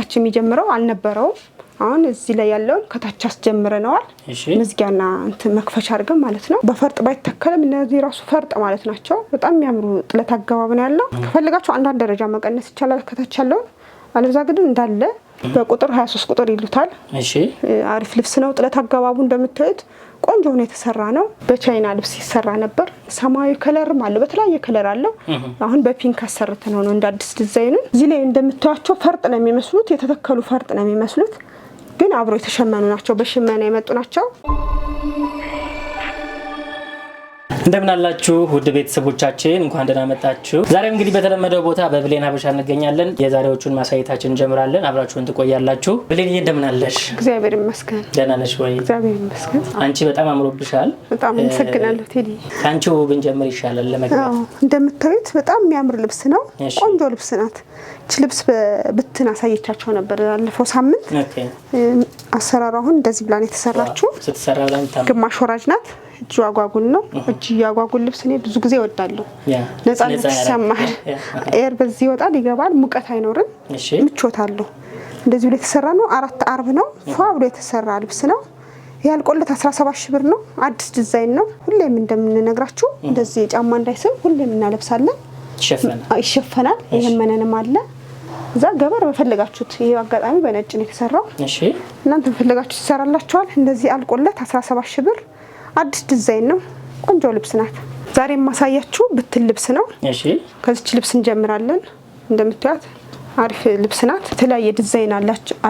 ከታች የሚጀምረው አልነበረውም። አሁን እዚህ ላይ ያለውን ከታች አስጀምረነዋል። መዝጊያና እንትን መክፈቻ አድርገን ማለት ነው። በፈርጥ ባይተከልም እነዚህ ራሱ ፈርጥ ማለት ናቸው። በጣም የሚያምሩ ጥለት አገባብ ነው ያለው። ከፈልጋቸው አንዳንድ ደረጃ መቀነስ ይቻላል ከታች ያለውን። አለብዛ ግን እንዳለ በቁጥር ሶስት ቁጥር ይሉታል። አሪፍ ልብስ ነው። ጥለት አገባቡ እንደምታዩት ቆንጆ ሆኖ የተሰራ ነው። በቻይና ልብስ ይሰራ ነበር። ሰማያዊ ከለርም አለው፣ በተለያየ ከለር አለው። አሁን በፒንክ አሰርተ ነው ነው እንደ አዲስ ዲዛይኑ። እዚህ ላይ እንደምታያቸው ፈርጥ ነው የሚመስሉት፣ የተተከሉ ፈርጥ ነው የሚመስሉት፣ ግን አብሮ የተሸመኑ ናቸው። በሽመና የመጡ ናቸው። እንደምን አላችሁ ውድ ቤተሰቦቻችን፣ እንኳን ደህና መጣችሁ። ዛሬም እንግዲህ በተለመደው ቦታ በብሌን ሀበሻ እንገኛለን። የዛሬዎቹን ማሳየታችን እንጀምራለን። አብራችሁን ትቆያላችሁ። ብሌንዬ እንደምን አለሽ? እግዚአብሔር ይመስገን። ደህና ነሽ ወይ? እግዚአብሔር ይመስገን። አንቺ በጣም አምሮብሻል። በጣም አመሰግናለሁ ቴዲ። ከአንቺ ጀምር ይሻላል። ለመግባት እንደምታዩት በጣም የሚያምር ልብስ ነው። ቆንጆ ልብስ ናት። ች ልብስ በብትን አሳየቻቸው ነበር ያለፈው ሳምንት። አሰራሩ አሁን እንደዚህ ብላን የተሰራችው ግማሽ ወራጅ ናት እጁ አጓጉል ነው። እጅ እያጓጉል ልብስ እኔ ብዙ ጊዜ እወዳለሁ። ነጻነት ይሰማል። ኤር በዚህ ይወጣል ይገባል። ሙቀት አይኖርም። ምቾት አለው። እንደዚህ ብሎ የተሰራ ነው። አራት አርብ ነው። ፏ ብሎ የተሰራ ልብስ ነው። ያልቆለት 17 ሺህ ብር ነው። አዲስ ዲዛይን ነው። ሁሌም እንደምንነግራችሁ እንደዚህ ጫማ እንዳይስብ ሁሌም እናለብሳለን። ይሸፈናል። ይህም መነንም አለ እዛ ገበር በፈለጋችሁት። ይህ አጋጣሚ በነጭ ነው የተሰራው። እናንተ በፈለጋችሁት ይሰራላችኋል። እንደዚህ አልቆለት 17 ሺህ ብር አዲስ ዲዛይን ነው። ቆንጆ ልብስ ናት። ዛሬ የማሳያችሁ ብትን ልብስ ነው። ከዚች ልብስ እንጀምራለን። እንደምታዩት አሪፍ ልብስ ናት። የተለያየ ዲዛይን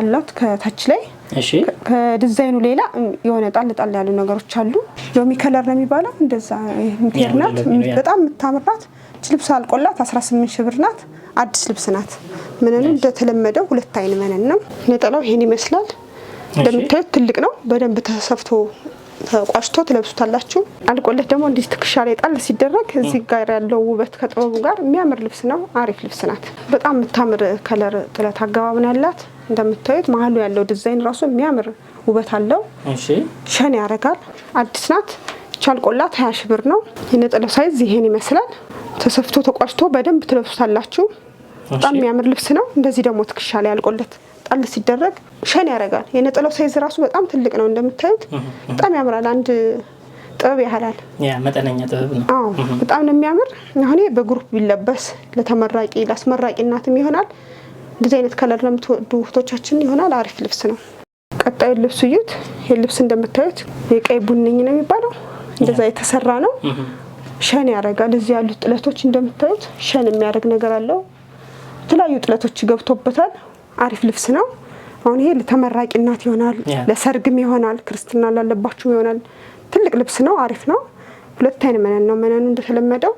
አላት ከታች ላይ ከዲዛይኑ ሌላ የሆነ ጣል ጣል ያሉ ነገሮች አሉ። ሎሚ ከለር ነው የሚባለው። እንደዛ ምትሄድ ናት። በጣም የምታምር ናት። ልብስ አልቆላት 18 ሺህ ብር ናት። አዲስ ልብስ ናት። ምንን እንደተለመደው ሁለት አይን መነን ነው። ነጠላው ይሄን ይመስላል። እንደምታዩት ትልቅ ነው። በደንብ ተሰፍቶ ተቋሽቶ ትለብሱታላችሁ። አልቆለት ደግሞ እንዲህ ትከሻ ላይ ጣል ሲደረግ እዚህ ጋር ያለው ውበት ከጥበቡ ጋር የሚያምር ልብስ ነው። አሪፍ ልብስ ናት። በጣም የምታምር ከለር ጥለት አገባብ ነው ያላት። እንደምታዩት መሀሉ ያለው ዲዛይን ራሱ የሚያምር ውበት አለው። ሸን ያደርጋል። አዲስ ናት። ቻልቆላት ሀያ ሺህ ብር ነው። የነጠላው ሳይዝ ይሄን ይመስላል። ተሰፍቶ ተቋጭቶ በደንብ ትለብሱታላችሁ። በጣም የሚያምር ልብስ ነው። እንደዚህ ደግሞ ትከሻ ላይ ያልቆለት ጣል ሲደረግ ሸን ያደርጋል። የነጠላው ሳይዝ ራሱ በጣም ትልቅ ነው እንደምታዩት፣ በጣም ያምራል። አንድ ጥበብ ያህላል። መጠነኛ ጥበብ ነው። አዎ በጣም ነው የሚያምር። አሁን በግሩፕ ቢለበስ ለተመራቂ ለአስመራቂ እናትም ይሆናል። እንደዚህ አይነት ከለር ለምትወዱ እህቶቻችን ይሆናል። አሪፍ ልብስ ነው። ቀጣዩ ልብስ እዩት። ይህ ልብስ እንደምታዩት የቀይ ቡንኝ ነው የሚባለው እንደዛ የተሰራ ነው። ሸን ያደርጋል። እዚህ ያሉት ጥለቶች እንደምታዩት ሸን የሚያደርግ ነገር አለው። የተለያዩ ጥለቶች ገብቶበታል። አሪፍ ልብስ ነው። አሁን ይሄ ለተመራቂ ይሆናል፣ ለሰርግም ይሆናል፣ ክርስትና ላለባችሁ ይሆናል። ትልቅ ልብስ ነው፣ አሪፍ ነው። ሁለት አይን መነን ነው። መነኑ እንደተለመደው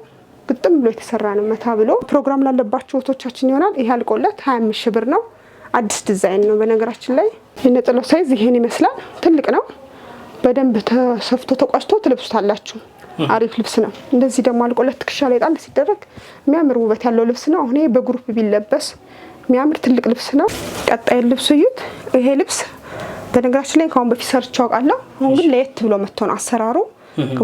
ግጥም ብሎ የተሰራ ነው። መታ ብሎ ፕሮግራም ላለባችሁ ወቶቻችን ይሆናል። ይሄ አልቆለት ሀያ አምስት ሺህ ብር ነው። አዲስ ዲዛይን ነው። በነገራችን ላይ የነጠላው ሳይዝ ይሄን ይመስላል። ትልቅ ነው። በደንብ ተሰፍቶ ተቋጭቶ ትለብሱታላችሁ። አሪፍ ልብስ ነው። እንደዚህ ደግሞ አልቆለት ትከሻ ላይ ጣል ሲደረግ የሚያምር ውበት ያለው ልብስ ነው። አሁን ይሄ በግሩፕ ቢለበስ የሚያምር ትልቅ ልብስ ነው። ቀጣይ ልብስ እዩት። ይሄ ልብስ በነገራችን ላይ ከአሁን በፊት ሰርቼ አውቃለሁ። አሁን ግን ለየት ብሎ መጥቶ ነው አሰራሩ።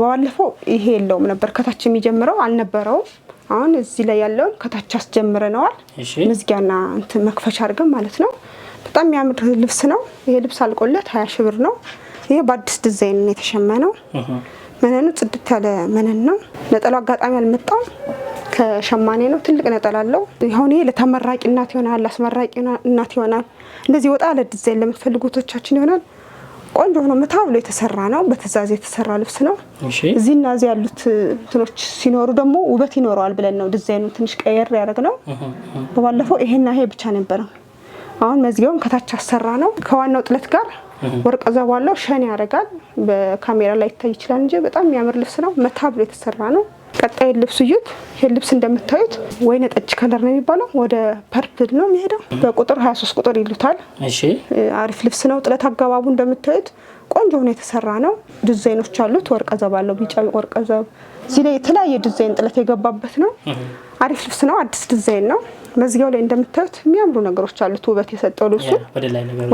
ባለፈው ይሄ የለውም ነበር፣ ከታች የሚጀምረው አልነበረውም። አሁን እዚህ ላይ ያለውን ከታች አስጀምረነዋል፣ መዝጊያና እንትን መክፈቻ አድርገን ማለት ነው። በጣም የሚያምር ልብስ ነው። ይሄ ልብስ አልቆለት ሀያ ሺህ ብር ነው። ይሄ በአዲስ ዲዛይን የተሸመነው መነኑ ጽድት ያለ መነን ነው። ነጠላው አጋጣሚ አልመጣም። ከሸማኔ ነው። ትልቅ ነጠላ አለው። ሁን ለተመራቂ እናት ይሆናል፣ ለአስመራቂ እናት ይሆናል። እንደዚህ ወጣ ለዲዛይን ለምትፈልጉቶቻችን ይሆናል። ቆንጆ ሆኖ መታ ብሎ የተሰራ ነው። በትእዛዝ የተሰራ ልብስ ነው። እዚህና እዚህ ያሉት እንትኖች ሲኖሩ ደግሞ ውበት ይኖረዋል ብለን ነው ዲዛይኑ ትንሽ ቀየር ያደረግ ነው። በባለፈው ይሄና ይሄ ብቻ ነበረ። አሁን መዝጊያውን ከታች አሰራ ነው። ከዋናው ጥለት ጋር ወርቀ ዘቧ ሸን ያደርጋል። በካሜራ ላይ ይታይ ይችላል እንጂ በጣም የሚያምር ልብስ ነው። መታ ብሎ የተሰራ ነው። ቀጣይ ልብስ እዩት። ይህ ልብስ እንደምታዩት ወይነ ጠጅ ከለር ነው የሚባለው፣ ወደ ፐርፕል ነው የሚሄደው። በቁጥር 23 ቁጥር ይሉታል። አሪፍ ልብስ ነው። ጥለት አገባቡ እንደምታዩት ቆንጆ ሆኖ የተሰራ ነው። ዲዛይኖች አሉት። ዘብ አለው፣ ቢጫ ዘብ። እዚህ ላይ የተለያየ ዲዛይን ጥለት የገባበት ነው። አሪፍ ልብስ ነው። አዲስ ዲዛይን ነው። መዝጊያው ላይ እንደምታዩት የሚያምሩ ነገሮች አሉት። ውበት የሰጠው ልብሱ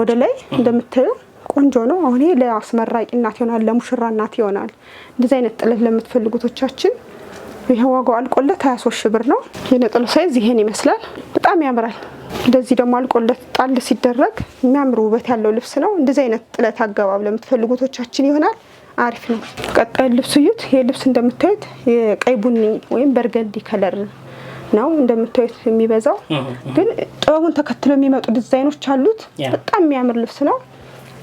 ወደ ላይ እንደምታዩ ቆንጆ ነው። አሁን ለአስመራቂ እናት ይሆናል፣ ለሙሽራ እናት ይሆናል። እንደዚህ አይነት ጥለት ለምትፈልጉቶቻችን ይሄ ዋጋው አልቆለት 23 ሺህ ብር ነው። የነጠላው ሳይዝ ይሄን ይመስላል። በጣም ያምራል። እንደዚህ ደግሞ አልቆለት ጣል ሲደረግ የሚያምር ውበት ያለው ልብስ ነው። እንደዚህ አይነት ጥለት አገባብ ለምትፈልጉቶቻችን ይሆናል። አሪፍ ነው። ቀጣይ ልብስ እዩት። ይሄ ልብስ እንደምታዩት የቀይ ቡኒ ወይም በርገንዲ ከለር ነው እንደምታዩት የሚበዛው፣ ግን ጥበቡን ተከትሎ የሚመጡ ዲዛይኖች አሉት። በጣም የሚያምር ልብስ ነው።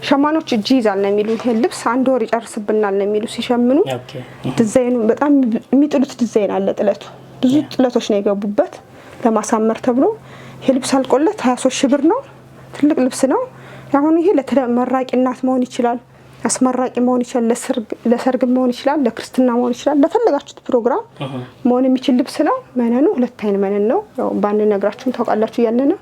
ሸማኖች እጅ ይዛል ነው የሚሉ ልብስ አንድ ወር ይጨርስብናል ነው የሚሉ ሲሸምኑ፣ ዲዛይኑ በጣም የሚጥሉት ዲዛይን አለ። ጥለቱ ብዙ ጥለቶች ነው የገቡበት ለማሳመር ተብሎ ይሄ ልብስ አልቆለት 23 ሺህ ብር ነው። ትልቅ ልብስ ነው። አሁን ይሄ ለተመራቂ እናት መሆን ይችላል፣ አስመራቂ መሆን ይችላል፣ ለሰርግ መሆን ይችላል፣ ለክርስትና መሆን ይችላል፣ ለፈለጋችሁት ፕሮግራም መሆን የሚችል ልብስ ነው። መነኑ ሁለት አይን መነን ነው። በአንድ ነግራችሁም ታውቃላችሁ። ያለ ነው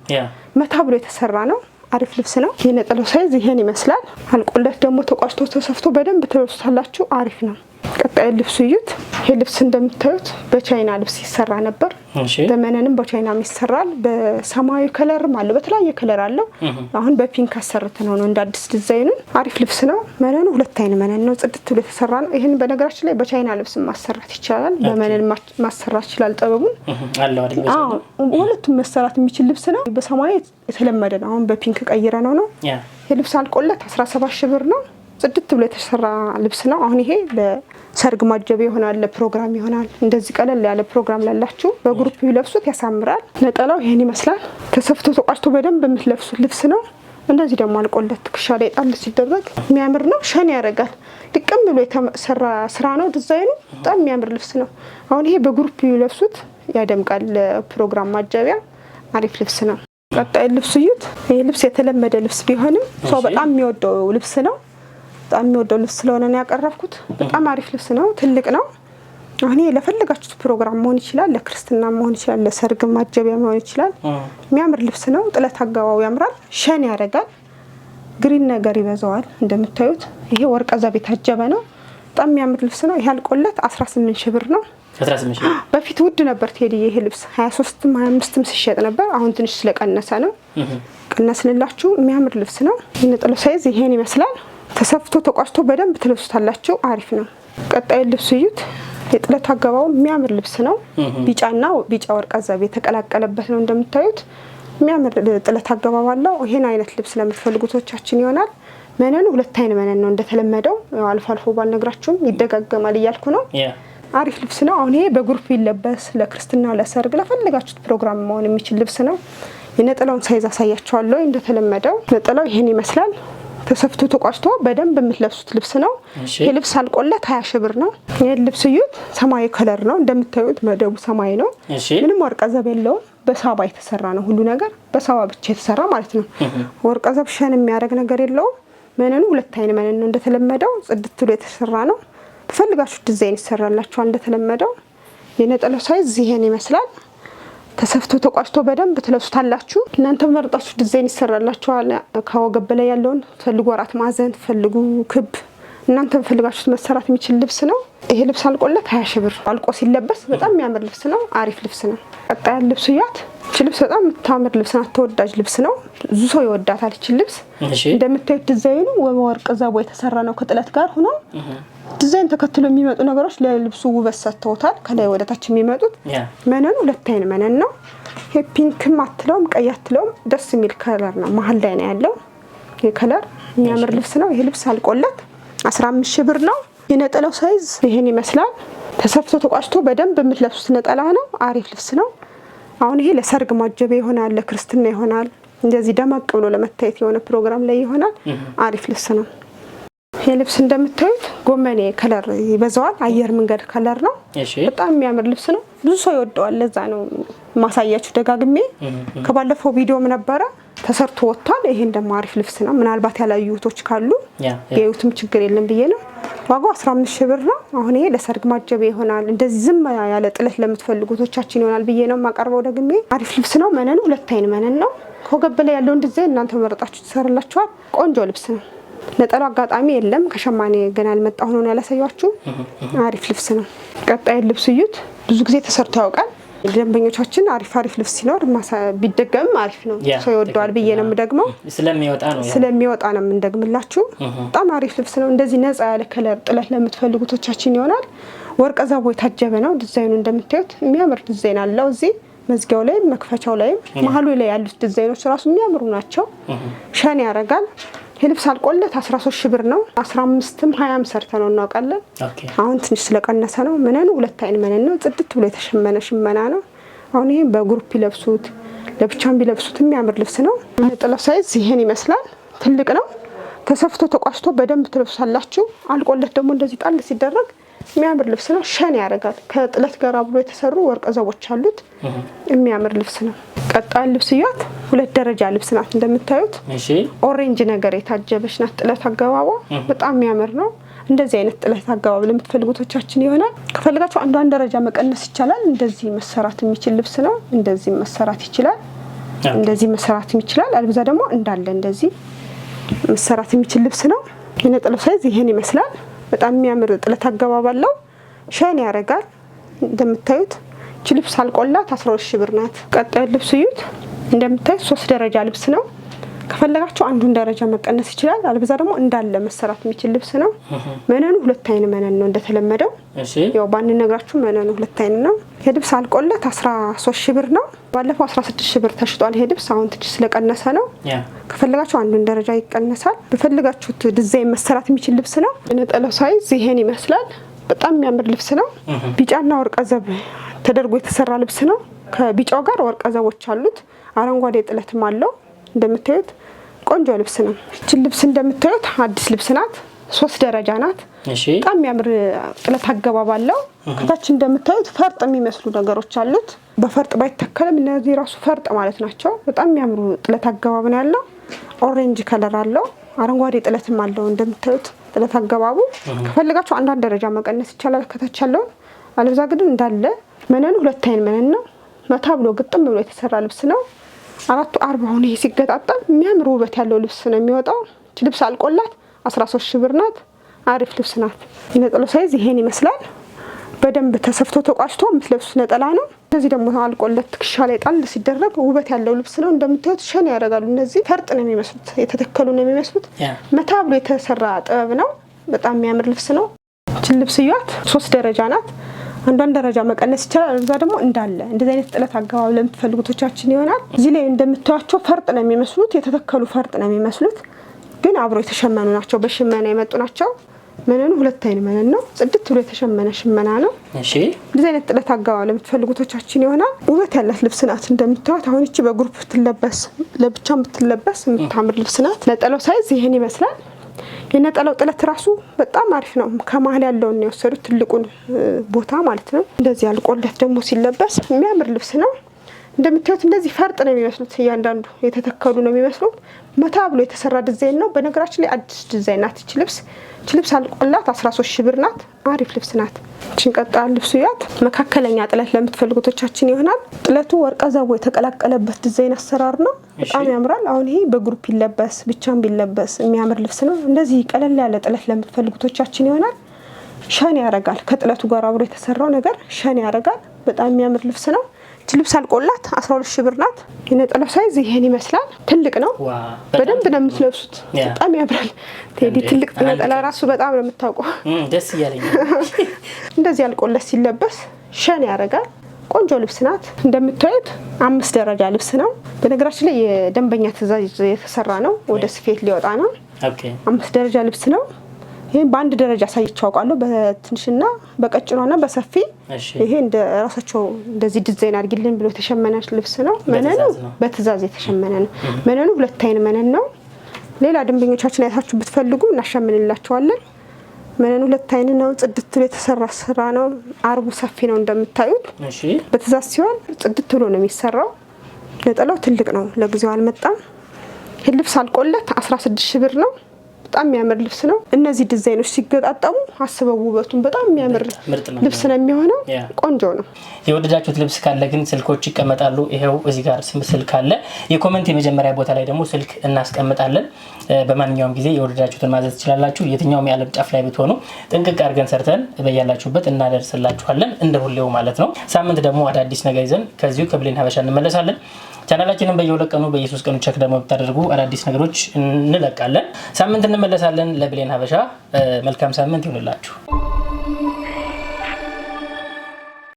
መታ ብሎ የተሰራ ነው። አሪፍ ልብስ ነው። የነጠለው ሳይዝ ይሄን ይመስላል። አልቆለት ደግሞ ተቋጭቶ ተሰፍቶ በደንብ ትለብሱታላችሁ። አሪፍ ነው። ቀጣይ ልብስ እዩት። ይሄ ልብስ እንደምታዩት በቻይና ልብስ ይሰራ ነበር። በመነንም በቻይናም ይሰራል። በሰማያዊ ከለርም አለው፣ በተለያየ ከለር አለው። አሁን በፒንክ አሰርተን ነው እንደ አዲስ ዲዛይኑን። አሪፍ ልብስ ነው። መነኑ ሁለት አይን መነን ነው፣ ጽድት ብሎ የተሰራ ነው። ይህን በነገራችን ላይ በቻይና ልብስ ማሰራት ይቻላል፣ በመነን ማሰራት ይችላል። ጥበቡን ሁለቱም መሰራት የሚችል ልብስ ነው። በሰማያዊ የተለመደ ነው። አሁን በፒንክ ቀይረ ነው ነው ይህ ልብስ አልቆለት 17 ሺ ብር ነው። ጽድት ብሎ የተሰራ ልብስ ነው። አሁን ይሄ ለሰርግ ማጀብ ይሆናል፣ ለፕሮግራም ይሆናል። እንደዚህ ቀለል ያለ ፕሮግራም ላላችሁ በግሩፕ ቢለብሱት ያሳምራል። ነጠላው ይሄን ይመስላል። ተሰፍቶ ተቋጭቶ በደንብ የምትለብሱት ልብስ ነው። እንደዚህ ደግሞ አልቆለት ትከሻ ላይ ጣል ሲደረግ የሚያምር ነው። ሸን ያደርጋል። ልቅም ብሎ የተሰራ ስራ ነው። ዲዛይኑ በጣም የሚያምር ልብስ ነው። አሁን ይሄ በግሩፕ ቢለብሱት ያደምቃል። ለፕሮግራም ማጀቢያ አሪፍ ልብስ ነው። ቀጣይ ልብስ እዩት። ይህ ልብስ የተለመደ ልብስ ቢሆንም ሰው በጣም የሚወደው ልብስ ነው። በጣም የሚወደው ልብስ ስለሆነ ነው ያቀረብኩት። በጣም አሪፍ ልብስ ነው፣ ትልቅ ነው። አሁን ለፈለጋችሁት ፕሮግራም መሆን ይችላል፣ ለክርስትና መሆን ይችላል፣ ለሰርግ ማጀቢያ መሆን ይችላል። የሚያምር ልብስ ነው። ጥለት አገባቡ ያምራል፣ ሸን ያደርጋል፣ ግሪን ነገር ይበዛዋል። እንደምታዩት ይሄ ወርቀ ዘብ የታጀበ ነው። በጣም የሚያምር ልብስ ነው። ይሄ አልቆለት 18 ሺህ ብር ነው። በፊት ውድ ነበር ቴዲ ይሄ ልብስ 23ም 25ም ሲሸጥ ነበር። አሁን ትንሽ ስለቀነሰ ነው። ቀነስንላችሁ። የሚያምር ልብስ ነው። ይህ ነጠላው ሳይዝ ይሄን ይመስላል። ተሰፍቶ ተቋጭቶ በደንብ ትለብሱታላችሁ። አሪፍ ነው። ቀጣይ ልብስ እዩት። የጥለት አገባቡ የሚያምር ልብስ ነው። ቢጫና ቢጫ ወርቅ አዛቢ የተቀላቀለበት ነው እንደምታዩት የሚያምር ጥለት አገባብ አለው። ይሄን አይነት ልብስ ለምትፈልጉቶቻችን ይሆናል። መነኑ ሁለት አይን መነን ነው እንደተለመደው። አልፎ አልፎ ባልነግራችሁም ይደጋገማል እያልኩ ነው። አሪፍ ልብስ ነው። አሁን ይሄ በጉርፍ ይለበስ ለክርስትና፣ ለሰርግ፣ ለፈለጋችሁት ፕሮግራም መሆን የሚችል ልብስ ነው። የነጠላውን ሳይዝ አሳያቸዋለሁ። እንደተለመደው ነጠላው ይሄን ይመስላል። ተሰፍቶ ተቋጭቶ በደንብ የምትለብሱት ልብስ ነው። የልብስ ልብስ አልቆለት ሀያ ሺህ ብር ነው። ይህ ልብስ እዩት፣ ሰማያዊ ከለር ነው እንደምታዩት፣ መደቡ ሰማይ ነው። ምንም ወርቀ ዘብ የለውም። በሳባ የተሰራ ነው ሁሉ ነገር፣ በሳባ ብቻ የተሰራ ማለት ነው። ወርቀ ዘብ ሸን የሚያደርግ ነገር የለውም። መነኑ ሁለት አይን መነን ነው እንደተለመደው፣ ጽድት ብሎ የተሰራ ነው። ትፈልጋችሁ ዲዛይን ይሰራላችኋል እንደተለመደው። የነጠለው ሳይዝ ይሄን ይመስላል። ተሰፍቶ ተቋጭቶ በደንብ ትለብሱታላችሁ። እናንተ መርጣችሁ ዲዛይን ይሰራላችኋል። ከወገብ በላይ ያለውን ፈልጉ አራት ማዕዘን ፈልጉ ክብ እናንተ ፈልጋችሁት መሰራት የሚችል ልብስ ነው። ይሄ ልብስ አልቆለት ሀያ ሽብር ብር አልቆ ሲለበስ በጣም የሚያምር ልብስ ነው። አሪፍ ልብስ ነው። ቀጣያ ልብስ እያት። ይቺ ልብስ በጣም የምታምር ልብስ ናት። ተወዳጅ ልብስ ነው። ብዙ ሰው ይወዳታል። ይቺ ልብስ እንደምታዩት ዲዛይኑ ወርቅ ዘቦ የተሰራ ነው ከጥለት ጋር ሆኖ ዲዛይን ተከትሎ የሚመጡ ነገሮች ለልብሱ ውበት ሰጥተውታል። ከላይ ወደታች የሚመጡት መነኑ ሁለት አይን መነን ነው። ይሄ ፒንክም አትለውም ቀይ አትለውም፣ ደስ የሚል ከለር ነው። መሀል ላይ ነው ያለው። ይሄ ከለር የሚያምር ልብስ ነው። ይሄ ልብስ አልቆለት 15 ሺህ ብር ነው። የነጠላው ሳይዝ ይሄን ይመስላል። ተሰፍቶ ተቋጭቶ በደንብ የምትለብሱት ነጠላ ነው። አሪፍ ልብስ ነው። አሁን ይሄ ለሰርግ ማጀበ ይሆናል፣ ለክርስትና ይሆናል፣ እንደዚህ ደመቅ ብሎ ለመታየት የሆነ ፕሮግራም ላይ ይሆናል። አሪፍ ልብስ ነው። ይሄ ልብስ እንደምታዩት ጎመኔ ከለር ይበዛዋል። አየር መንገድ ከለር ነው። በጣም የሚያምር ልብስ ነው። ብዙ ሰው ይወደዋል። ለዛ ነው ማሳያችሁ ደጋግሜ። ከባለፈው ቪዲዮም ነበረ ተሰርቶ ወጥቷል። ይሄን ደግሞ አሪፍ ልብስ ነው። ምናልባት ያላዩ እህቶች ካሉ የዩትም ችግር የለም ብዬ ነው። ዋጋው 15 ሺህ ብር ነው። አሁን ይሄ ለሰርግ ማጀቢያ ይሆናል። እንደዚህ ዝም ያለ ጥለት ለምትፈልጉ እህቶቻችን ይሆናል ብዬ ነው የማቀርበው ደግሜ። አሪፍ ልብስ ነው። መነን ሁለት አይን መነን ነው። ከወገብ ላይ ያለው እንደዚህ እናንተ መረጣችሁ ትሰራላችኋል። ቆንጆ ልብስ ነው። ነጠሉ አጋጣሚ የለም ከሸማኔ ገና ያልመጣ ሆኖ ያላሳያችሁ አሪፍ ልብስ ነው። ቀጣይ ልብስ እዩት። ብዙ ጊዜ ተሰርቶ ያውቃል። ደንበኞቻችን አሪፍ አሪፍ ልብስ ሲኖር ቢደገምም አሪፍ ነው። ሰው ይወደዋል ብዬ ነው የምደግመው። ስለሚወጣ ነው የምንደግምላችሁ። በጣም አሪፍ ልብስ ነው። እንደዚህ ነፃ ያለ ከለር ጥለት ለምትፈልጉቶቻችን ይሆናል። ወርቀ ዘቦ የታጀበ ነው። ዲዛይኑ እንደምታዩት የሚያምር ዲዛይን አለው። እዚህ መዝጊያው ላይም መክፈቻው ላይም መሀሉ ላይ ያሉት ዲዛይኖች ራሱ የሚያምሩ ናቸው። ሸን ያደርጋል። የልብስ ልብስ አልቆለት 13 ሺህ ብር ነው። 15ም 20ም ሰርተ ነው እናውቃለን። አሁን ትንሽ ስለቀነሰ ነው። ምንን ሁለት አይን መነን ነው። ጽድት ብሎ የተሸመነ ሽመና ነው። አሁን ይህም በግሩፕ ይለብሱት ለብቻም ቢለብሱት የሚያምር ልብስ ነው። ጥለብ ሳይዝ ይሄን ይመስላል። ትልቅ ነው። ተሰፍቶ ተቋጭቶ በደንብ ትለብሳላችሁ። አልቆለት ደግሞ እንደዚህ ጣል ሲደረግ የሚያምር ልብስ ነው። ሸን ያደርጋል። ከጥለት ጋር ብሎ የተሰሩ ወርቀ ዘቦች አሉት። የሚያምር ልብስ ነው። ቀጣዋን ልብስ እያት። ሁለት ደረጃ ልብስ ናት እንደምታዩት፣ ኦሬንጅ ነገር የታጀበች ናት። ጥለት አገባቧ በጣም የሚያምር ነው። እንደዚህ አይነት ጥለት አገባብ ለምትፈልጉቶቻችን ይሆናል። ከፈለጋችሁ አንዷን ደረጃ መቀነስ ይቻላል። እንደዚህ መሰራት የሚችል ልብስ ነው። እንደዚህ መሰራት ይችላል። እንደዚህ መሰራት ይችላል። አልብዛ ደግሞ እንዳለ እንደዚህ መሰራት የሚችል ልብስ ነው። የነጠላው ሳይዝ ይህን ይመስላል። በጣም የሚያምር ጥለት አገባብ አለው። ሸን ያደርጋል እንደምታዩት እቺ ልብስ አልቆላት 12 ሺህ ብር ናት። ቀጣዩ ልብስ እዩት። እንደምታዩት ሶስት ደረጃ ልብስ ነው። ከፈለጋችሁ አንዱን ደረጃ መቀነስ ይችላል። አልበዛ ደግሞ እንዳለ መሰራት የሚችል ልብስ ነው። መነኑ ሁለት አይን መነን ነው እንደተለመደው። ያው ባን ነግራችሁ መነኑ ሁለት አይን ነው። ይሄ ልብስ አልቆለት አስራ ሶስት ሺህ ብር ነው። ባለፈው አስራ ስድስት ሺህ ብር ተሽጧል። ይሄ ልብስ አሁን ትንሽ ስለቀነሰ ነው። ከፈለጋችሁ አንዱን ደረጃ ይቀነሳል። በፈለጋችሁት ዲዛይን መሰራት የሚችል ልብስ ነው። ነጠላው ሳይዝ ይሄን ይመስላል። በጣም የሚያምር ልብስ ነው። ቢጫና ወርቀ ዘብ ተደርጎ የተሰራ ልብስ ነው። ከቢጫው ጋር ወርቀ ዘቦች አሉት። አረንጓዴ ጥለትም አለው። እንደምታዩት ቆንጆ ልብስ ነው። ይችን ልብስ እንደምታዩት አዲስ ልብስ ናት። ሶስት ደረጃ ናት። በጣም የሚያምር ጥለት አገባብ አለው። ከታች እንደምታዩት ፈርጥ የሚመስሉ ነገሮች አሉት። በፈርጥ ባይተከልም እነዚህ ራሱ ፈርጥ ማለት ናቸው። በጣም የሚያምሩ ጥለት አገባብ ነው ያለው። ኦሬንጅ ከለር አለው። አረንጓዴ ጥለትም አለው። እንደምታዩት ጥለት አገባቡ ከፈልጋቸው አንዳንድ ደረጃ መቀነስ ይቻላል ከታች ያለውን አለብዛ ግን እንዳለ መነኑ ሁለት አይን መነን ነው። መታ ብሎ ግጥም ብሎ የተሰራ ልብስ ነው። አራቱ አርባ ሆነ ይሄ ሲገጣጠም የሚያምር ውበት ያለው ልብስ ነው የሚወጣው። ልብስ አልቆላት አስራ ሶስት ሺህ ብር ናት። አሪፍ ልብስ ናት። ነጠሎ ሳይዝ ይሄን ይመስላል። በደንብ ተሰፍቶ ተቋጭቶ የምትለብሱት ነጠላ ነው። እነዚህ ደግሞ አልቆለት ትከሻ ላይ ጣል ሲደረግ ውበት ያለው ልብስ ነው። እንደምታዩት ሸን ያደርጋሉ። እነዚህ ፈርጥ ነው የሚመስሉት፣ የተተከሉ ነው የሚመስሉት። መታ ብሎ የተሰራ ጥበብ ነው። በጣም የሚያምር ልብስ ነው። ችን ልብስ እያት ሶስት ደረጃ ናት። አንዷን ደረጃ መቀነስ ይቻላል። እዛ ደግሞ እንዳለ እንደዚህ አይነት ጥለት አገባብ ለምትፈልጉቶቻችን ይሆናል። እዚህ ላይ እንደምታያቸው ፈርጥ ነው የሚመስሉት፣ የተተከሉ ፈርጥ ነው የሚመስሉት፣ ግን አብሮ የተሸመኑ ናቸው። በሽመና የመጡ ናቸው። መነኑ ሁለት አይን መነን ነው። ጽድት ብሎ የተሸመነ ሽመና ነው። እንደዚህ አይነት ጥለት አገባብ ለምትፈልጉቶቻችን ይሆናል። ውበት ያላት ልብስ ናት። እንደምታዩት አሁን ይቺ በግሩፕ ብትለበስ ለብቻ ብትለበስ የምታምር ልብስ ናት። ነጠላው ሳይዝ ይህን ይመስላል። የነጠላው ጥለት ራሱ በጣም አሪፍ ነው። ከመሀል ያለውን የወሰዱት ትልቁን ቦታ ማለት ነው። እንደዚህ አልቆለት ደግሞ ሲለበስ የሚያምር ልብስ ነው። እንደምታዩት እንደዚህ ፈርጥ ነው የሚመስሉት። እያንዳንዱ የተተከሉ ነው የሚመስሉት። መታ ብሎ የተሰራ ዲዛይን ነው። በነገራችን ላይ አዲስ ዲዛይን ናት ይች ልብስ። ይች ልብስ አልቆላት 13 ሺ ብር ናት። አሪፍ ልብስ ናት። ጭንቀጣ ልብሱ ያት መካከለኛ ጥለት ለምትፈልጉቶቻችን ይሆናል። ጥለቱ ወርቀ ዘቦ የተቀላቀለበት ዲዛይን አሰራር ነው። በጣም ያምራል። አሁን ይሄ በግሩፕ ይለበስ ብቻም ቢለበስ የሚያምር ልብስ ነው። እንደዚህ ቀለል ያለ ጥለት ለምትፈልጉቶቻችን ይሆናል። ሸን ያረጋል። ከጥለቱ ጋር አብሮ የተሰራው ነገር ሸን ያረጋል። በጣም የሚያምር ልብስ ነው። ይች ልብስ አልቆላት 12 ሺህ ብር ናት። የነጠላ ሳይዝ ይሄን ይመስላል። ትልቅ ነው። በደንብ ነው የምትለብሱት። በጣም ያምራል። ቴዲ ትልቅ ነጠላ ራሱ በጣም ነው የምታውቀው። ደስ እያለኝ እንደዚህ አልቆለት ሲለበስ ሸን ያደርጋል። ቆንጆ ልብስ ናት። እንደምታዩት አምስት ደረጃ ልብስ ነው። በነገራችን ላይ የደንበኛ ትእዛዝ የተሰራ ነው። ወደ ስፌት ሊወጣ ነው። አምስት ደረጃ ልብስ ነው። ይህን በአንድ ደረጃ አሳይቼ አውቃለሁ። በትንሽና በቀጭኗና በሰፊ ይሄ እንደ ራሳቸው እንደዚህ ዲዛይን አድርጊልን ብሎ የተሸመነ ልብስ ነው። መነኑ በትእዛዝ የተሸመነ ነው። መነኑ ሁለት አይን መነን ነው። ሌላ ደንበኞቻችን አይታችሁ ብትፈልጉ እናሸምንላቸዋለን። መነኑ ሁለት አይን ነው። ጽድት ብሎ የተሰራ ስራ ነው። አርቡ ሰፊ ነው እንደምታዩት። በትእዛዝ ሲሆን ጽድት ብሎ ነው የሚሰራው። ነጠላው ትልቅ ነው። ለጊዜው አልመጣም። ይህ ልብስ አልቆለት 16 ሺህ ብር ነው። በጣም የሚያምር ልብስ ነው። እነዚህ ዲዛይኖች ሲገጣጠሙ አስበው ውበቱን በጣም የሚያምር ልብስ ነው የሚሆነው። ቆንጆ ነው። የወደዳችሁት ልብስ ካለ ግን ስልኮች ይቀመጣሉ። ይሄው እዚህ ጋር ስልክ አለ። የኮመንት የመጀመሪያ ቦታ ላይ ደግሞ ስልክ እናስቀምጣለን። በማንኛውም ጊዜ የወደዳችሁትን ማዘዝ ትችላላችሁ። የትኛውም የዓለም ጫፍ ላይ ብትሆኑ ጥንቅቅ አድርገን ሰርተን በያላችሁበት እናደርስላችኋለን። እንደ ሁሌው ማለት ነው። ሳምንት ደግሞ አዳዲስ ነገር ይዘን ከዚሁ ከብሌን ሀበሻ እንመለሳለን። ቻናላችንን በየሁለት ቀኑ በየሶስት ቀኑ ቸክ ደግሞ ብታደርጉ አዳዲስ ነገሮች እንለቃለን። ሳምንት እንመለሳለን። ለብሌን ሀበሻ መልካም ሳምንት ይሁንላችሁ።